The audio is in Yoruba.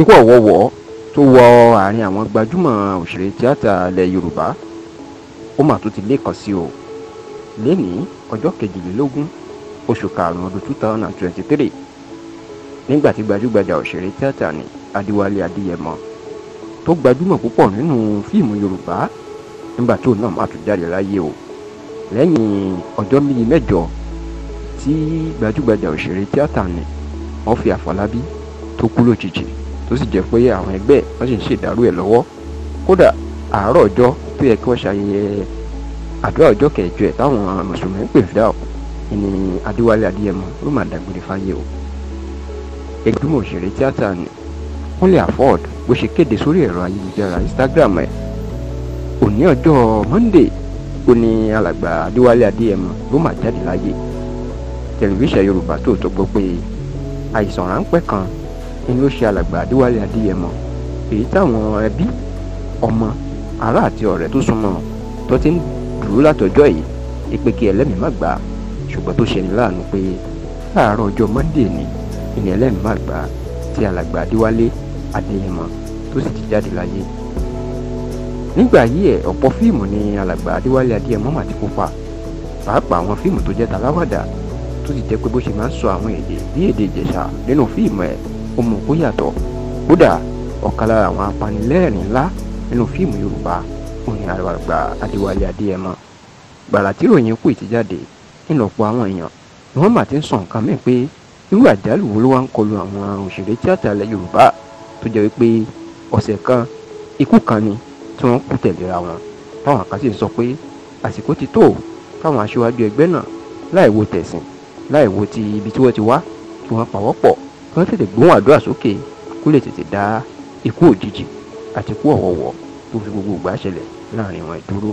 ikú ọ̀wọ́wọ́ tó wọ àárín àwọn gbajúmọ̀ òṣèré tíátà ilẹ̀ yorùbá ó mà tún ti lékan sí o lénìí ọjọ́ kejìlélógún oṣù karùn-ún ọdún two thousand and twenty three nígbà tí gbajúgbajà òṣèré tíátà ní adéwálé adéyẹmọ tó gbajúmọ̀ púpọ̀ nínú fíìmù yorùbá nígbà tó náà má tún jáde láyé o lẹ́yìn ọjọ́ méjì mẹ́jọ tí gbajúgbajà òṣèré tíátà ní wọ́n fi àfọlábí tó kú lójijì tó sì jẹ́ pé àwọn ẹgbẹ́ wọ́n sì ń ṣèdárò ẹ̀ lọ́wọ́ kódà àárọ̀ ọjọ́ tó yẹ kí wọ́n ṣayẹyẹ àdúrà ọjọ́ kẹjọ ẹ̀ táwọn mùsùlùmí ń pè fìdá ọ̀ ẹni adéwálé adéyẹmọ ló máa dàgbére fáyé o ẹgbẹ́mọ̀ òṣèré tíátà ni Kúnlé Afọ́ọ̀d bó ṣe kéde sórí ẹ̀rọ ayélujára Instagram ẹ̀ òní ọjọ́ Monday ó ní alàgbà adéwálé adéyẹmọ ló máa jáde láyé tẹlifíṣàn Yorùbá Tòótọ́ gbọ́ pé àìsàn ráńpẹ́ kan ni ó ṣe alàgbà adéwálé adéyẹmọ èyí táwọn ẹbí ọmọ ará àti ọ̀rẹ́ tó súnmọ́ tó ti ń dúró látọjọ́ yìí ìpè kí ẹlẹ́mìí má gbà á tó ṣe ní láàánú pé láàárọ̀ ọjọ́ mọ́ndé ni ìní ẹlẹ́mìí má gbà á tí alàgbà adéwálé adéyẹmọ tó sì ti jáde láyé nígbà yí ẹ ọ̀pọ̀ fíìmù ni alàgbà adéwálé adéyẹmọ mà ti kópa pàápàá àwọn fíìmù tó jẹ́ taláwàdà tó sì jẹ́ pé bó ṣe máa ń sọ àwọn èdè bí èdè ìjẹ̀ṣà nínú fíìmù ẹ̀ ó mọ̀ kó yàtọ̀ kódà ọ̀kan lára àwọn apanilẹ́rìn ńlá nínú fíìmù yorùbá òní àgbààgbà adéwálé adéyẹmọ gbàrà tí ròyìn kù ìtìjáde ńlọpọ àwọn èèyàn ni wọ́n mà ti ń sọ nǹkan mìíràn pé irú àjálù wo ló wá ń kọlu àwọn òṣèré tíátà ilẹ̀ yorùbá tó jẹ́ wípé ọ̀sẹ̀ kan ikú kan ni tí wọ́n kú tẹ̀léra wọn táwọn kan sì sọ pé àsìkò ti tó káwọn aṣíwájú ẹgbẹ́ náà láì wo tẹ̀sìn láì wo ti ibi tí wọ́n ti wá kí wọ́n pawọ́pọ̀ kí wọ́n tètè gbóhùn àdúrà sókè kó lè tètè dá ikú òjijì àti ikú ọ̀wọ̀wọ̀ tó fi gbogbo ìgbà ṣẹlẹ̀ láàrin wọn dúró.